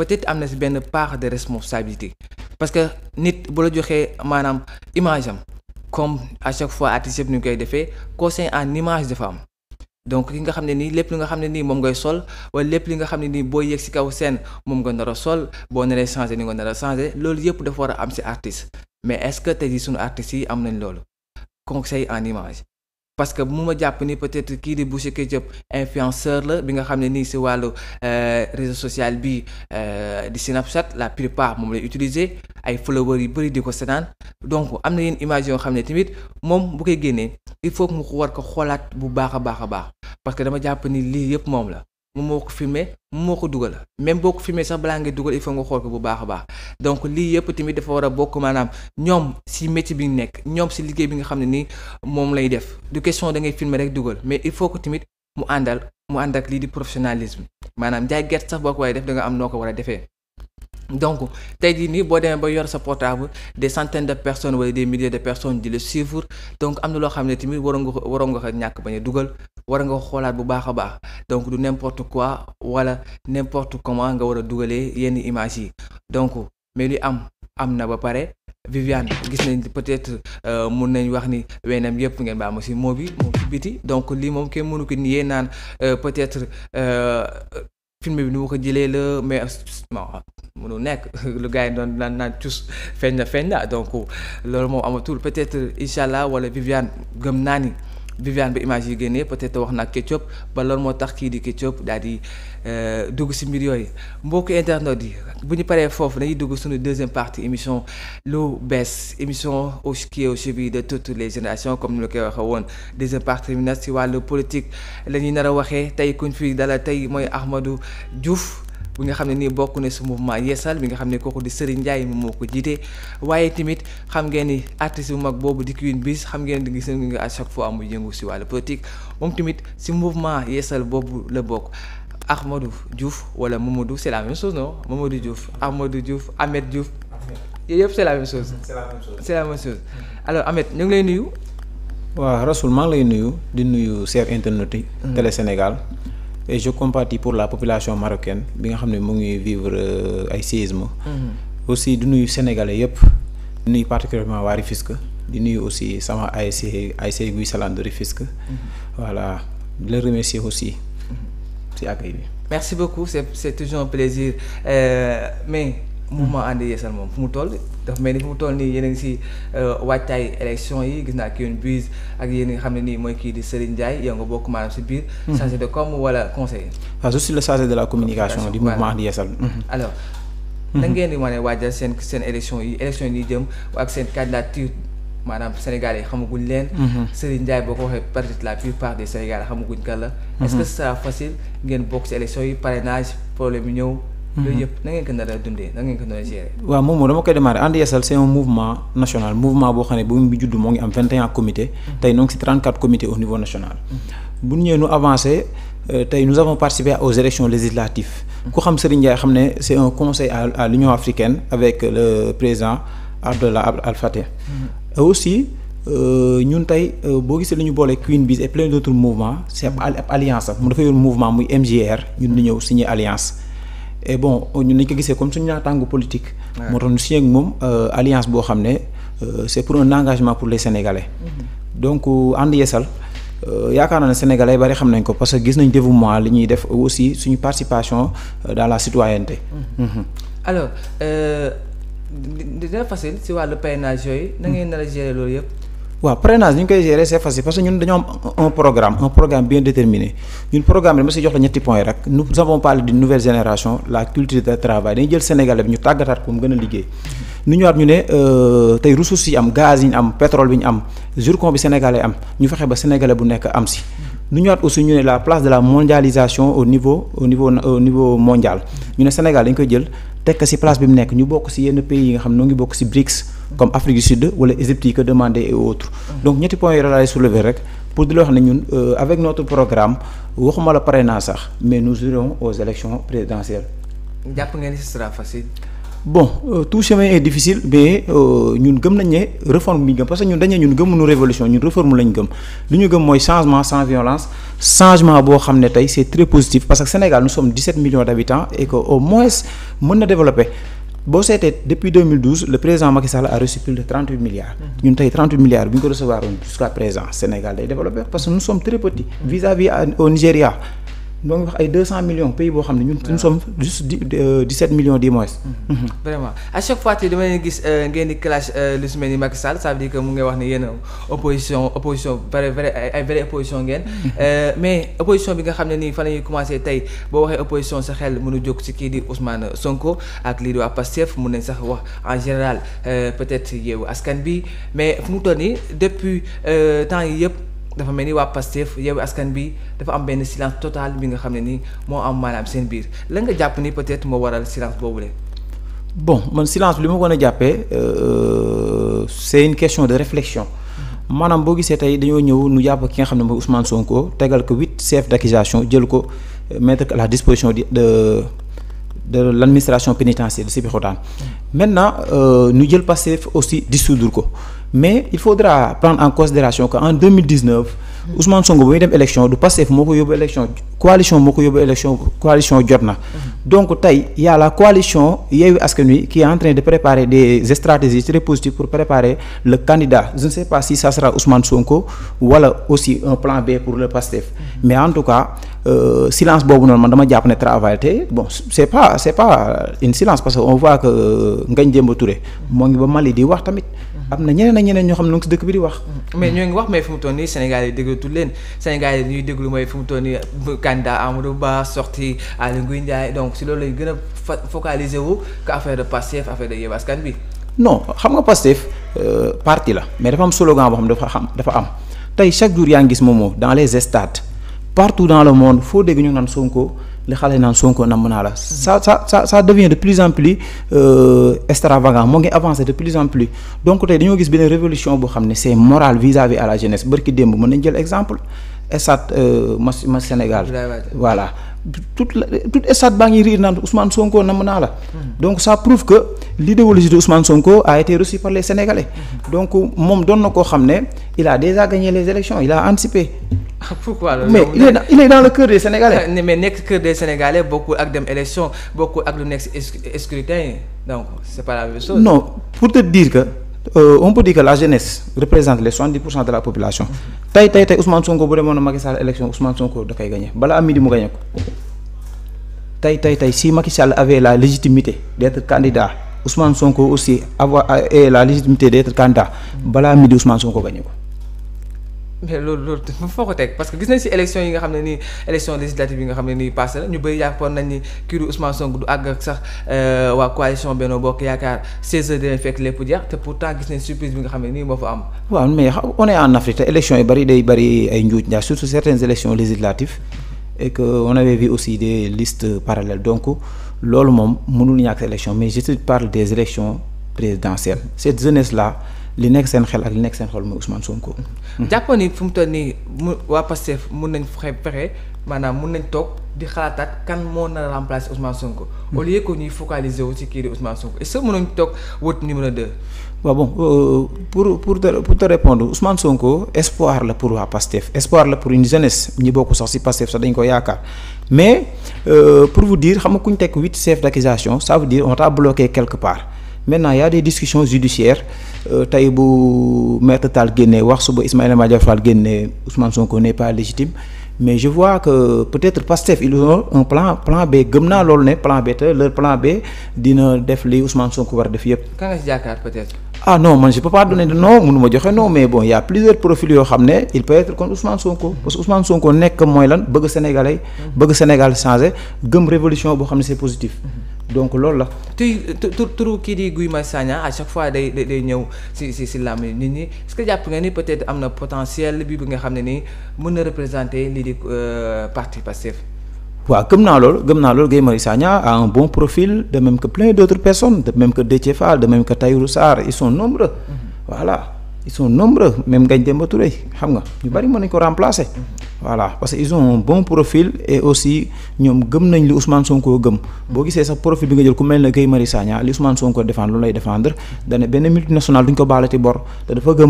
peut-être am na si benn part de responsabilité parce que nit bu la joxee maanaam image am comme à chaque fois artiste yëpp ni ñu koy defee conseil en image dafa am donc li nga xam ne nii lépp li nga xam ne nii moom ngay sol wala lépp li nga xam ne nii boo yëg si kaw seen moom nga nar sol boo naree changé ni nga nar a changé loolu yëpp dafa war a am si artiste mais est-ce que te jii suñu artistes yi am nañ loolu conseil en image parce que mu ma jàpp ni peut-être kii di Boucher Ketchup influenceur la bi nga xam ne nii si wàllu euh, réseau social bi euh, di Snapchat la plupart moom lay utiliser ay followers yu bëri di ko setaan donc am na yenn image yoo xam ne tamit moom bu koy génnee il faut mu war ko xoolaat bu baax a baax a baax parce que dama jàpp ni lii yëpp moom la moom moo ko filmé moom moo ko dugal même boo ko filmé sax balaa ngay dugal il faut nga xool ko bu baax a baax donc lii yëpp tamit dafa war a bokk maanaam ñoom si métier bi ñu nekk ñoom si liggéey bi nga xam ne nii moom lay def du question da ngay filmé rek dugal mais il faut que tamit mu àndal mu ànd ak lii di professionnalisme maanaam jaay gerte sax boo ko waaye def da nga am noo ko war a defee. donc tey jii nii boo demee ba yor sa portable des centaines de personnes wala des milliers de personnes di le na loo xam ne waroon nga ko waroon nga ko ñàkk dugal war nga xoolaat bu baax a baax donc du n'importe quoi wala n'importe comment nga war a dugalee yenn image yi donc mais li am am na ba pare Viviane gis nañ peut-être euh, mun nañ wax ni weenam yëpp ngeen baa ma si moo bi moom ci biti donc lii moom kenn mënu ko ni yee naan euh, peut-être euh, film bi nu ma ko jëlee la mais mënu nekk lu gars yi doon naan naan cus feeñ na feeñ donc loolu moom amatul peut-être incha allah wala Viviane gëm naa Viviane ba image yi génnee peut-être wax na ak Ketchup ba moo tax kii di Ketchup daal euh, dugg si mbir yooyu mbokku internet yi bu paree foofu dañuy dugg suñu deuxième partie émission lu bees émission au qui est au de toutes les générations comme ni la koy waxee woon deuxième partie bi nag si wàllu politique la ñuy nar a waxee tey kuñ dala tey mooy Ahmadou Diouf. bu nga xam ne nii bokk na si mouvement yeesal bi nga xam ne kooku di Serigne Ndiaye moom moo ko jiite waaye tamit xam ngeen ni artiste bu mag boobu di Queen Biz xam ngeen di gis nga à chaque fois amu yëngu si wàll politique moom tamit si mouvement yeesal boobu la bokk. Ahmadou Diouf wala Mamadou c'est la même chose non Mamadou Diouf Ahmadou Diouf Ahmed Diouf yooyu yëpp c'est la même chose. c'est la même chose ngi lay nuyu. waa Rasoul maa ngi lay nuyu di nuyu chers internautes hmm. Sénégal. et je pour la population marocaine bi nga xam ne mu ngi vivre euh, ay séisme mm-hmm. aussi du nuyu sénégalais yëpp du nuyu particulièrement waa Rufisque di nuyu aussi sama ASC ASC Guy Salane de Rufisque mm-hmm. voilà di la remercier aussi si mm-hmm. accueil bi merci beaucoup c'est toujours un plaisir euh, mais mouvement ànd yeesal moom fu mu toll dafa mel ni fu mu toll nii yéen a ngi si euh, waajtaay élection yi gis naa Queen Biz ak yéen a nga xam ne nii mooy kii di Serigne Ndiaye yow nga bokk maanaam si biir. Hmm. chargé de com wala conseiller. waaw ah, de la communication du mouvement ànd yeesal. Hmm. Hmm. alors nan ngeen di mën a waajal seen seen élection yi élection yi jëm ak seen candidature maanaam Sénégal yi xamaguñ leen. Serigne Ndiaye boo ko waxee peut la plupart des Sénégalais xamaguñ kan la. est yooyu mm-hmm. yëpp na ngeen ko nar a na ngeen ko nar a gérer. waaw moom dama koy démarrer And Yeesal c' est un mouvement national mouvement boo xam ne bu mu judd moo ngi am 21 comités. Mm-hmm. tey ñoo ngi si 34 comités au niveau national. Mm-hmm. bu ñu ñëwee nu avancé euh, tey nous avons participé aux élections législatives. ku xam Serigne Ndiaye xam ne c' est conseil à à africaine avec le président Abdallah Al Fattah. aussi euh, ñun tey euh, boo gisee li ñu boole Queen Biz et plein d' autres mouvements c' mu dafa yor mouvement muy MJR ñu ñëw et bon ñun nañ ko gisee comme suñu naataangu politique. moo tax ñu signé ak moom euh, alliance boo xam ne euh, c'est pour un engagement pour les sénégalais. Mm-hmm. donc euh, ànd yeesal yaakaar naa ne sénégalais bari xam nañ ko parce que gis nañ dévouement li ñuy def aussi suñu participation dans la citoyenneté. Mm-hmm. Mm-hmm. alors dina facile si wàllu parrainage yooyu. na ngeen nar a gérer loolu yëpp. waaw parrainage ñu koy gérer c'est facile parce que ñun dañoo am un programme un programme bien déterminé ñun programme bi si jox la ñetti points rek nous avons parlé d'une nouvelle génération la culture de travail dañuy jël Sénégalais bi ñu tàggataat ko mu gën a liggéey ñu ñëwaat ñu ne euh, tey ressources yi am gaz yi ñu am pétrole bi ñu am zircon bi sénégalais am ñu fexe ba sénégale bu nekk am si ñu ñëwaat aussi ñu ne la place de la mondialisation au niveau au niveau au mondial ñu ne Sénégal dañ koy jël tekk si place bi mu nekk ñu bokk si yenn pays yi nga xam noo ngi bokk si BRICS comme Afrique du Sud wala Égypte yi ko demandé et autres mm. donc ñetti points yi laay soulever rek pour di la wax ne ñun euh, avec notre programme waxuma la pare naa sax mais nous irons aux élections présidentielles. jàpp ngeen ni ce sera bon euh, tout chemin est difficile mais euh, ñun gëm nañ ne réforme bi gëm parce que ñun dañee ñun gëmuñu révolution ñun réforme lañ gëm li ñu gëm mooy changement sans violence changement boo xam ne tey c' très positif parce que Sénégal nous sommes 17 millions d' et au moins mën na développer boo seetee depuis 2012 le président Macky Sall a reçu plus de milliards. Mm-hmm. ñun tey 38 milliards bi ñu ko recevoir woon présent Sénégal day développer moo ngi wax ay deux cent millions pays boo xam ne ñun nous sommes juste dix euh, sept millions dix mois. Mm-hmm. vraiment à chaque fois ci dama leen gis euh, ngeen di clash euh, lu su mel ni Macky Sall ça veut dire que mu ngi wax ne yéen opposition opposition vrai vrai opposition ngeen. Mm-hmm. mais opposition bi nga xam ne nii fan la ñuy commencé tey boo waxee opposition sa xel mënu jóg ci kii di Ousmane Sonko ak lii di waa Pastef mun nañ sax wax en général peut-être yeewu askan bi mais fu mu to nii depuis temps yi yëpp. dafa mel ni waa Pastef Yewwi Askan bi dafa am benn silence total bi nga xam ne ni moo am maanaam seen biir la nga jàpp ni peut-être moo waral silence boobu leen bon man silence li ma ko a jàppee euh, c'est une question de réflexion mm-hmm. maanaam boo gisee tey dañoo ñëw nu jàpp ki nga xam ne mooy Ousmane Sonko tegal ko huit chefs d'accusation jël ko euh, mettre à la disposition de de de l'administration pénitentiaire de Sébikotane mm-hmm. maintenant nu euh, jël Pastef aussi dissoudre ko. mais il faudra prendre en considération que en 2019 Ousmane Sonko ba muy dem élection du Pastef moo ko yóbbu élection coalition moo ko yóbbu élection coalition jot na donc tey y a coalition Yewwi Askan Wi qui en train de préparer des stratégies très positives pour préparer le candidat je ne sais pas si ça sera Sonko wala aussi un plan B pour le Pastef mais en tout cas Euh, silence boobu noonu man dama jàpp ne travail te bon c'est pas c'est pas une silence parce que on voit que euh, Ngagne Demba Touré moo ngi ba Mali di wax tamit. am na ñeneen ak ñeneen ñoo xam ne ñu ngi si dëkk bi di wax. mais ñoo ngi wax mais fi mu toll nii Sénégal yi déglutul leen Sénégal yi ñuy déglu mooy fi mu toll nii candidat Amadou Ba sorti Aly Ngouille Ndiaye donc si loolu lañu gën a focaliser wu que affaire de Pastef affaire de Yewwi Askan Wi. non xam nga Pastef euh, parti la mais dafa am slogan boo xam dafa dafa am tey chaque jour yaa ngi gis moom dans les stades. partout dans le monde foo dégg ñu naan Sonko li xale naan Sonko namm naa la ça sa ça ça devient de plus en plus euh, extravagant moo ngi avancé de plus en plus donc tey dañoo gis benn révolution boo xam ne c'est moral vis vis à la jeunesse barki démb mën nañ jël exemple Esat ma euh, ma Sénégal voilà toute baa ngi riir naan Ousmane Sonko namm naa la hmm. donc ça prouve que l'idéologie de Ousmane Sonko a été reçue par les Sénégalais hmm. donc moom doon na koo a a pourquoi loolu mais il est dans il est dans le cœur des Sénégalais. Euh, mais nekk cœur des Sénégalais bokkul ak dem élection bokkul ak lu nekk si scrutin yi donc la même chose. non pour te dire que euh, on peut dire que la jeunesse représente les soixante-dix pour cent de la population. tey tey tey Ousmane Sonko bu demoon a Macky Sall élection Ousmane Sonko da koy gagné balaa midi mu gagné ko tey tey tey si Macky Sall la légitimité d'être candidat Ousmane Sonko aussi avoir euh, la légitimité d'être candidat balaa ko. mais loolu loolu foo ko teg que gis nañ si élection yi nga xam ne nii élection euh, Yaakaar 16 heures dinañ fekk lépp jeex te bi nga xam ne nii moo fa am. waaw mais on yi bëri day bëri ay njuuj njaaj surtout certaines élections aussi des listes parallèles donc loolu moom mënul ñàkk élection mais je te parle des élections présidentielles cette jeunesse là. li nekk seen xel ak li nekk seen xol mooy Ousmane Sonko. Hmm. jàppoon ni fu mu toll nii mu waa Pastef mun nañ fexe maanaam mun nañ toog di xalaataat kan moo na a remplacer Ousmane Sonko. Hmm. au lieu que ñuy focaliser wu ci kii di Ousmane Sonko est-ce que mënuñ toog wut numéro euh, pour pour te pour te répondre Ousmane Sonko espoir la pour waa Pastef espoir la pour une jeunesse ñi bokk sax ci Pastef sax dañ ko yaakaar mais euh, pour vous dire xam nga ku ñu teg huit chefs d'accusation ça veut dire on t'a quelque part. maintenant y a des discussions judiciaires euh, tey bu maître Tall génnee wax suba Ismaïla Madior Fall génnee Ousmane Sonko n'est pas légitime mais je vois que peut-être Pastef ils ont un plan plan B gëm naa loolu ne war def yëpp. kan nga ci yaakaar peut-être. ah non man je peux pas donner de non mënu ma joxe a plusieurs profils yoo xam ne nekk mooy lan bëgg Sénégalais mm-hmm. bëgg Sénégal changer gëm révolution boo xam ne c'est positif. Mm-hmm. donc loolu la. tuy tur turu kii di Guy Marius Sagna à chaque fois day day ñëw si si si làmb nit ñi est-ce que jàpp nga ni peut-être am na potentiel bi bi nga xam ne ni mën na représenter lii di euh, parti Pastef. waa gëm naa loolu gëm naa loolu Guy Marius Sagna a un bon profil de même que plein d'autres personnes de même que Déthié Fall de même que Tahirou Sarr ils sont nombreux. Mm-hmm. voilà ils sont nombreux même Ngagne Demba Touré xam nga ñu bari mën nañu ko remplacer. Mm-hmm. voilà parce que ils ont un bon profil et aussi ñoom gëm nañ li Ousmane Sonko gëm boo gisee sax profil bi nga jël ku mel ne Guy Marius Sagna li Ousmane Sonko défendre loolu lay défendre dane benn multinationale duñ ko baalati bor te dafa gëm